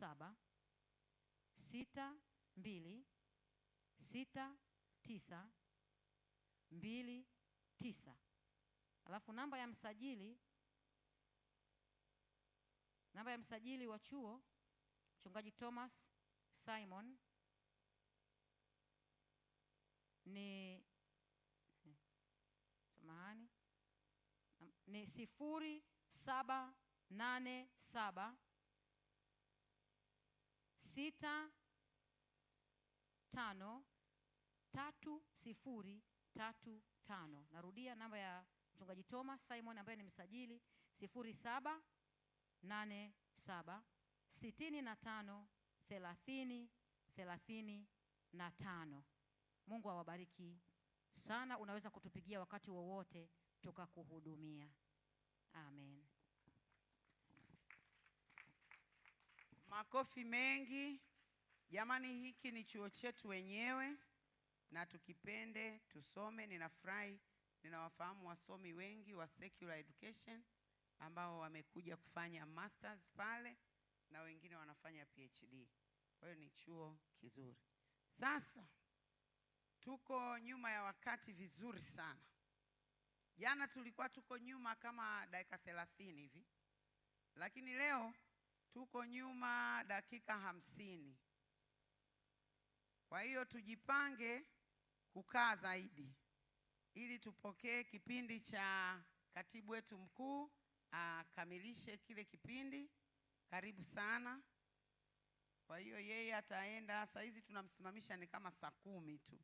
saba sita mbili sita tisa mbili tisa alafu namba ya msajili namba ya msajili wa chuo mchungaji Thomas Simon ni samahani ni sifuri saba nane saba sita tano tatu sifuri tatu tano. Narudia namba ya mchungaji Thomas Simon ambaye ni msajili sifuri saba nane saba sitini na tano thelathini thelathini na tano. Mungu awabariki sana. Unaweza kutupigia wakati wowote tukakuhudumia. Amen. Makofi mengi jamani, hiki ni chuo chetu wenyewe na tukipende tusome. Ninafurahi, ninawafahamu wasomi wengi wa secular education ambao wamekuja kufanya masters pale na wengine wanafanya PhD. Kwa hiyo ni chuo kizuri. Sasa tuko nyuma ya wakati vizuri sana. Jana tulikuwa tuko nyuma kama dakika thelathini hivi, lakini leo tuko nyuma dakika hamsini. Kwa hiyo tujipange kukaa zaidi ili tupokee kipindi cha katibu wetu mkuu akamilishe kile kipindi. Karibu sana. Kwa hiyo yeye ataenda saa hizi tunamsimamisha ni kama saa kumi tu,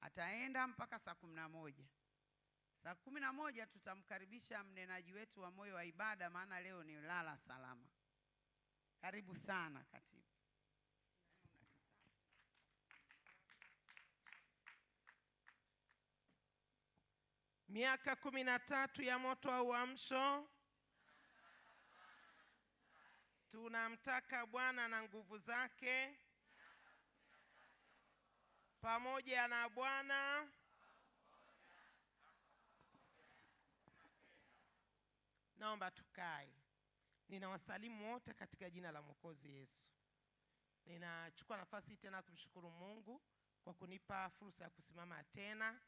ataenda mpaka saa kumi na moja. Saa kumi na moja tutamkaribisha mnenaji wetu wa Moyo wa Ibada, maana leo ni lala salama. Karibu sana katibu. Miaka kumi na tatu ya moto wa uamsho, tunamtaka Bwana na nguvu zake pamoja na Bwana naomba tukae. Ninawasalimu wote katika jina la Mwokozi Yesu. Ninachukua nafasi hii tena kumshukuru Mungu kwa kunipa fursa ya kusimama tena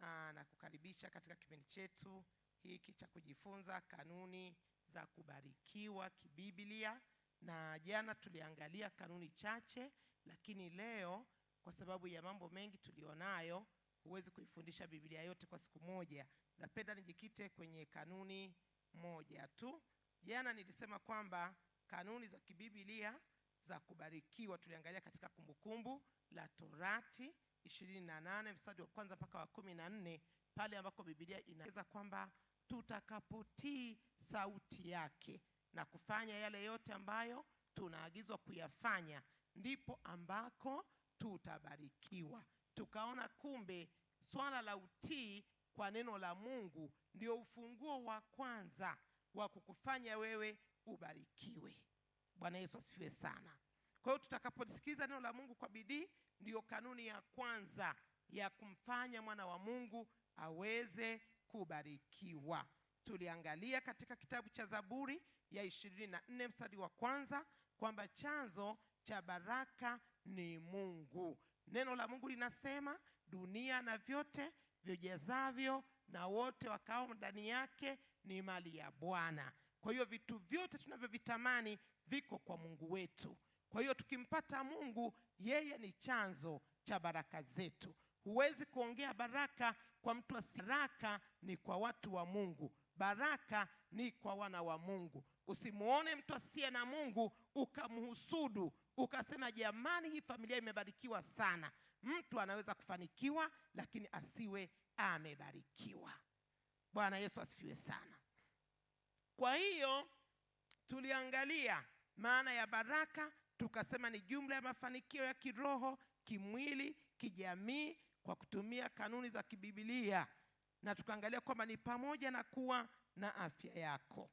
aa, ah, na kukaribisha katika kipindi chetu hiki cha kujifunza kanuni za kubarikiwa kibiblia, na jana tuliangalia kanuni chache, lakini leo kwa sababu ya mambo mengi tulionayo, huwezi kuifundisha Biblia yote kwa siku moja. Napenda nijikite kwenye kanuni moja tu Jana nilisema kwamba kanuni za kibibilia za kubarikiwa tuliangalia katika Kumbukumbu kumbu la Torati ishirini na mstari wa kwanza mpaka wa kumi na nne pale ambako Biblia inaeleza kwamba tutakapotii sauti yake na kufanya yale yote ambayo tunaagizwa kuyafanya ndipo ambako tutabarikiwa. Tukaona kumbe swala la utii kwa neno la Mungu ndio ufunguo wa kwanza wa kukufanya wewe ubarikiwe. Bwana Yesu asifiwe sana. Kwa hiyo tutakaposikiliza neno la Mungu kwa bidii, ndiyo kanuni ya kwanza ya kumfanya mwana wa Mungu aweze kubarikiwa. Tuliangalia katika kitabu cha Zaburi ya ishirini na nne mstari wa kwanza kwamba chanzo cha baraka ni Mungu. Neno la Mungu linasema dunia na vyote vyojazavyo na wote wakao ndani yake ni mali ya Bwana. Kwa hiyo vitu vyote tunavyovitamani viko kwa Mungu wetu. Kwa hiyo tukimpata Mungu, yeye ni chanzo cha baraka zetu. Huwezi kuongea baraka kwa mtu asiye. Baraka ni kwa watu wa Mungu, baraka ni kwa wana wa Mungu. Usimuone mtu asiye na Mungu ukamhusudu ukasema jamani, hii familia imebarikiwa sana. Mtu anaweza kufanikiwa lakini asiwe amebarikiwa. Bwana Yesu asifiwe sana. Kwa hiyo tuliangalia maana ya baraka, tukasema ni jumla ya mafanikio ya kiroho, kimwili, kijamii kwa kutumia kanuni za kibibilia, na tukaangalia kwamba ni pamoja na kuwa na afya yako.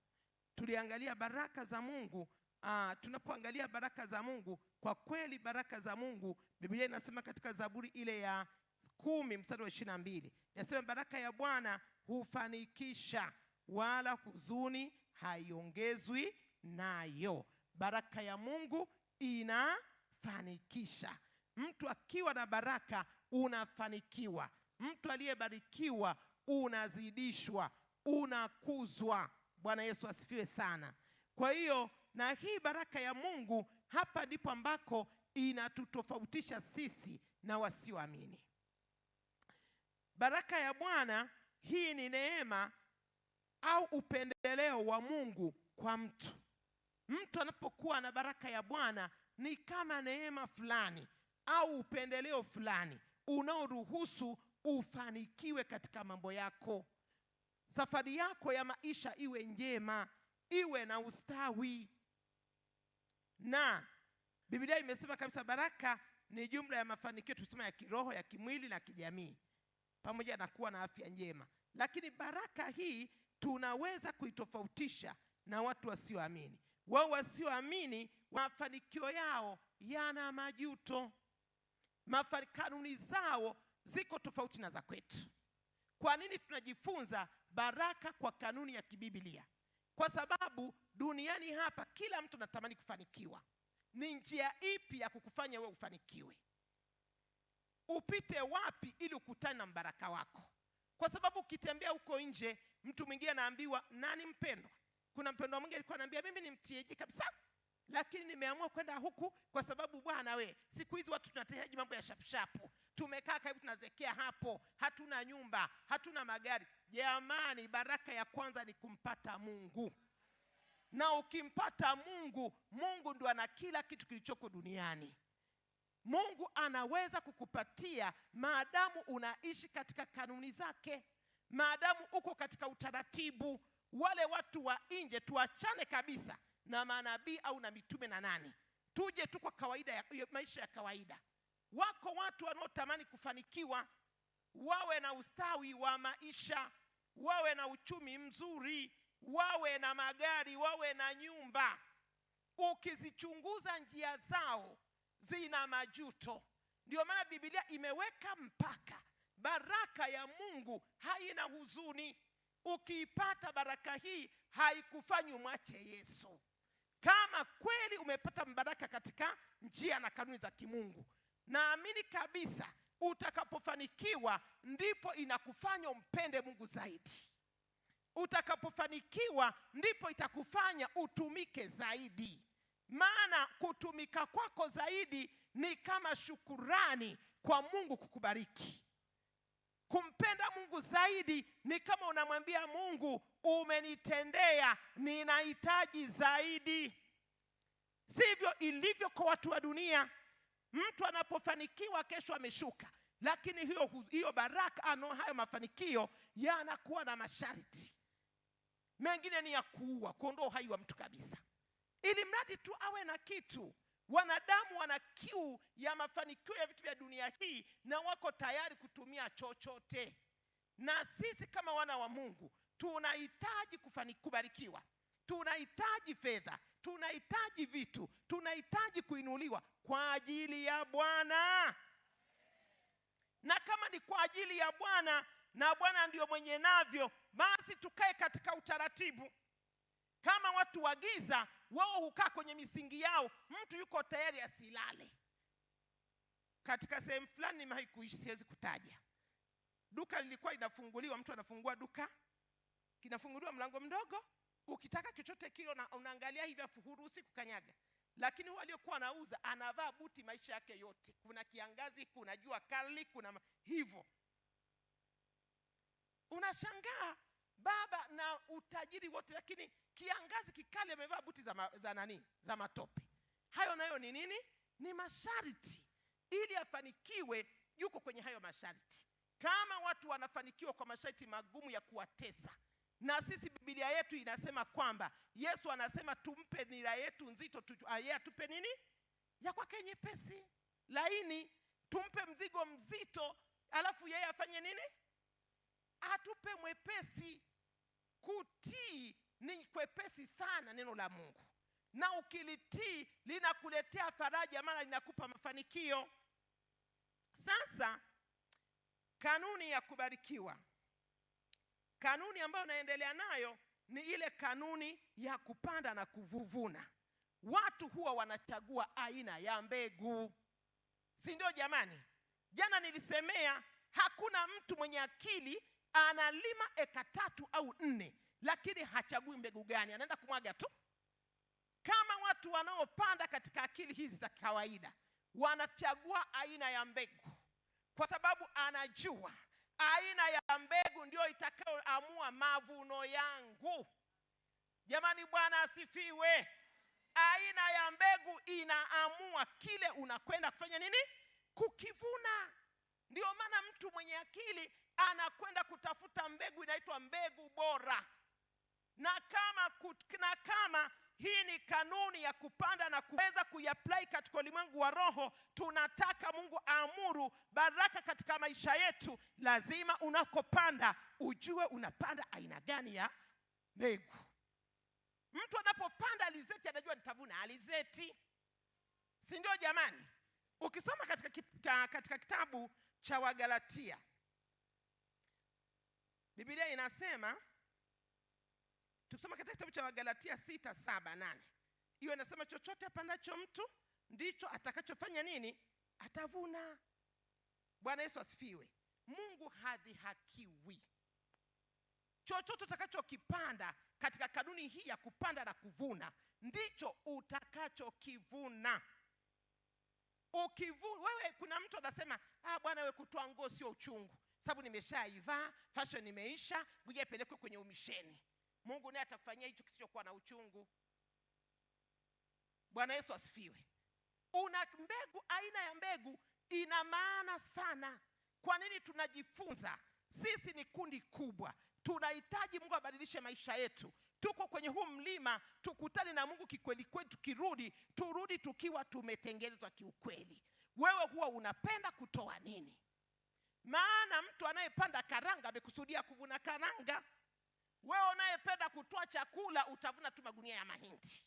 Tuliangalia baraka za Mungu. Ah, tunapoangalia baraka za Mungu, kwa kweli baraka za Mungu Biblia inasema katika Zaburi ile ya kumi mstari wa ishirini na mbili inasema baraka ya Bwana hufanikisha, wala huzuni haiongezwi nayo. Baraka ya Mungu inafanikisha. Mtu akiwa na baraka unafanikiwa. Mtu aliyebarikiwa unazidishwa, unakuzwa. Bwana Yesu asifiwe sana. Kwa hiyo na hii baraka ya Mungu hapa ndipo ambako inatutofautisha sisi na wasioamini. Baraka ya Bwana hii ni neema au upendeleo wa Mungu kwa mtu. Mtu anapokuwa na baraka ya Bwana ni kama neema fulani au upendeleo fulani unaoruhusu ufanikiwe katika mambo yako, safari yako ya maisha iwe njema, iwe na ustawi. Na Biblia imesema kabisa baraka ni jumla ya mafanikio tusema ya kiroho, ya kimwili na kijamii pamoja na kuwa na afya njema. Lakini baraka hii tunaweza kuitofautisha na watu wasioamini. Wao wasioamini, mafanikio yao yana majuto, kanuni zao ziko tofauti na za kwetu. Kwa nini tunajifunza baraka kwa kanuni ya kibibilia? Kwa sababu duniani hapa kila mtu anatamani kufanikiwa. Ni njia ipi ya kukufanya wewe ufanikiwe? upite wapi ili ukutane na mbaraka wako, kwa sababu ukitembea huko nje, mtu mwingine anaambiwa nani mpendwa. Kuna mpendwa mwingine alikuwa anaambia mimi ni mtieji kabisa, lakini nimeamua kwenda huku kwa sababu bwana, we siku hizi watu tunateaji mambo ya shapshapu, tumekaa karibu tunazekea hapo, hatuna nyumba, hatuna magari. Jamani, baraka ya kwanza ni kumpata Mungu na ukimpata Mungu, Mungu ndo ana kila kitu kilichoko duniani. Mungu anaweza kukupatia maadamu unaishi katika kanuni zake, maadamu uko katika utaratibu. Wale watu wa nje tuachane kabisa na manabii au na mitume na nani, tuje tu kwa kawaida ya, maisha ya kawaida. Wako watu wanaotamani kufanikiwa, wawe na ustawi wa maisha, wawe na uchumi mzuri, wawe na magari, wawe na nyumba. Ukizichunguza njia zao zina majuto. Ndio maana Biblia imeweka mpaka, baraka ya Mungu haina huzuni. Ukiipata baraka hii haikufanyi umwache Yesu, kama kweli umepata mbaraka katika njia na kanuni za kimungu. Naamini kabisa utakapofanikiwa ndipo inakufanya umpende Mungu zaidi. Utakapofanikiwa ndipo itakufanya utumike zaidi maana kutumika kwako zaidi ni kama shukurani kwa Mungu kukubariki. Kumpenda Mungu zaidi ni kama unamwambia Mungu, umenitendea, ninahitaji zaidi. Sivyo ilivyo kwa watu wa dunia. Mtu anapofanikiwa kesho ameshuka, lakini hiyo, hiyo baraka ano, hayo mafanikio yanakuwa na masharti mengine, ni ya kuua, kuondoa uhai wa mtu kabisa ili mradi tu awe na kitu. Wanadamu wana kiu ya mafanikio ya vitu vya dunia hii na wako tayari kutumia chochote, na sisi kama wana wa Mungu tunahitaji kubarikiwa, tunahitaji fedha, tunahitaji vitu, tunahitaji kuinuliwa kwa ajili ya Bwana. Na kama ni kwa ajili ya Bwana na Bwana ndiyo mwenye navyo, basi tukae katika utaratibu. Kama watu wa giza wao hukaa kwenye misingi yao, mtu yuko tayari asilale katika sehemu fulani. Haikuishi, siwezi kutaja. Duka lilikuwa linafunguliwa, mtu anafungua duka, kinafunguliwa mlango mdogo, ukitaka chochote kile unaangalia hivi, afu huruhusi kukanyaga lakini huyu aliyokuwa anauza anavaa buti maisha yake yote. Kuna kiangazi, kuna jua kali, kuna hivyo. Unashangaa baba na utajiri wote, lakini kiangazi kikali amevaa buti za, ma, za nani za matope. Hayo nayo ni nini? Ni masharti. Ili afanikiwe, yuko kwenye hayo masharti. Kama watu wanafanikiwa kwa masharti magumu ya kuwatesa, na sisi Biblia yetu inasema kwamba Yesu anasema tumpe nira yetu nzito, ah, yeye atupe nini ya kwake nyepesi laini. Tumpe mzigo mzito, alafu yeye afanye nini? Atupe mwepesi. Kutii ni kwepesi sana neno la Mungu, na ukilitii linakuletea faraja, mara linakupa mafanikio. Sasa kanuni ya kubarikiwa, kanuni ambayo naendelea nayo ni ile kanuni ya kupanda na kuvuvuna. Watu huwa wanachagua aina ya mbegu, si ndio? Jamani, jana nilisemea hakuna mtu mwenye akili analima eka tatu au nne lakini hachagui mbegu gani, anaenda kumwaga tu. Kama watu wanaopanda katika akili hizi za kawaida wanachagua aina ya mbegu, kwa sababu anajua aina ya mbegu ndio itakayoamua mavuno yangu. Jamani, Bwana asifiwe. Aina ya mbegu inaamua kile unakwenda kufanya nini, kukivuna. Ndio maana mtu mwenye akili anakwenda kutafuta mbegu inaitwa mbegu bora na kama, na kama hii ni kanuni ya kupanda na kuweza kuiapply katika ulimwengu wa roho. Tunataka Mungu aamuru baraka katika maisha yetu, lazima unakopanda ujue unapanda aina gani ya mbegu. Mtu anapopanda alizeti anajua nitavuna alizeti, si ndio? Jamani, ukisoma katika, katika kitabu cha Wagalatia Biblia inasema Tukisoma katika kitabu cha Wagalatia sita saba nane hiyo inasema chochote apandacho mtu ndicho atakachofanya nini? Atavuna. Bwana Yesu asifiwe. Mungu hadhihakiwi. Chochote utakachokipanda katika kanuni hii ya kupanda na kuvuna ndicho utakachokivuna. Ukivu wewe, kuna mtu anasema ah, bwana wewe, kutoa nguo sio uchungu, sababu nimeshaivaa fashion imeisha, ngoja ipelekwe kwenye umisheni mungu naye atakufanyia hicho kisichokuwa na uchungu bwana yesu asifiwe una mbegu aina ya mbegu ina maana sana kwa nini tunajifunza sisi ni kundi kubwa tunahitaji mungu abadilishe maisha yetu tuko kwenye huu mlima tukutane na mungu kikweli kweli tukirudi turudi tukiwa tumetengenezwa kiukweli wewe huwa unapenda kutoa nini maana mtu anayepanda karanga amekusudia kuvuna karanga wewe unayependa kutoa chakula utavuna tu magunia ya mahindi,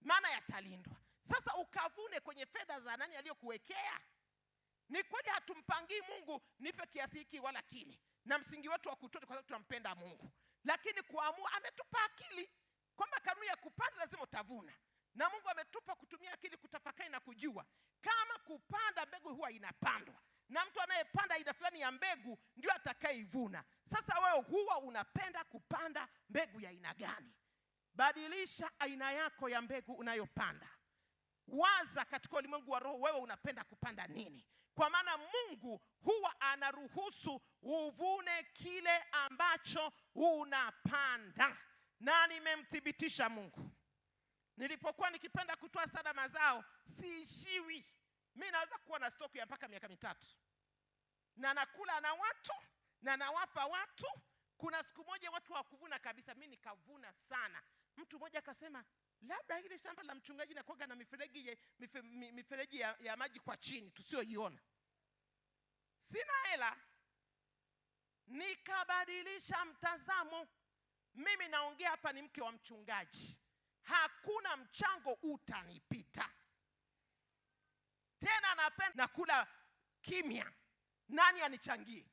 maana yatalindwa. Sasa ukavune kwenye fedha za nani aliyokuwekea? Ni kweli hatumpangii Mungu, nipe kiasi hiki wala kile, na msingi wetu wa kutoa kwa sababu tunampenda Mungu, lakini kuamua, ametupa akili kwamba kanuni ya kupanda lazima utavuna, na Mungu ametupa kutumia akili kutafakari na kujua kama kupanda mbegu huwa inapandwa na mtu anayepanda aina fulani ya mbegu ndio atakayeivuna. Sasa wewe huwa unapenda kupanda mbegu ya aina gani? Badilisha aina yako ya mbegu unayopanda. Waza katika ulimwengu wa roho, wewe unapenda kupanda nini? Kwa maana Mungu huwa anaruhusu uvune kile ambacho unapanda, na nimemthibitisha Mungu. Nilipokuwa nikipenda kutoa sada mazao, siishiwi. Mi naweza kuwa na stoki ya mpaka miaka mitatu na nakula na watu na nawapa watu. Kuna siku moja watu hawakuvuna kabisa, mi nikavuna sana. Mtu mmoja akasema labda hili shamba la mchungaji nakuaga na mifereji ya, mife, mifereji ya, ya maji kwa chini tusiyoiona. Sina hela, nikabadilisha mtazamo. Mimi naongea hapa, ni mke wa mchungaji, hakuna mchango utanipita tena. Napenda nakula kimya, nani anichangie?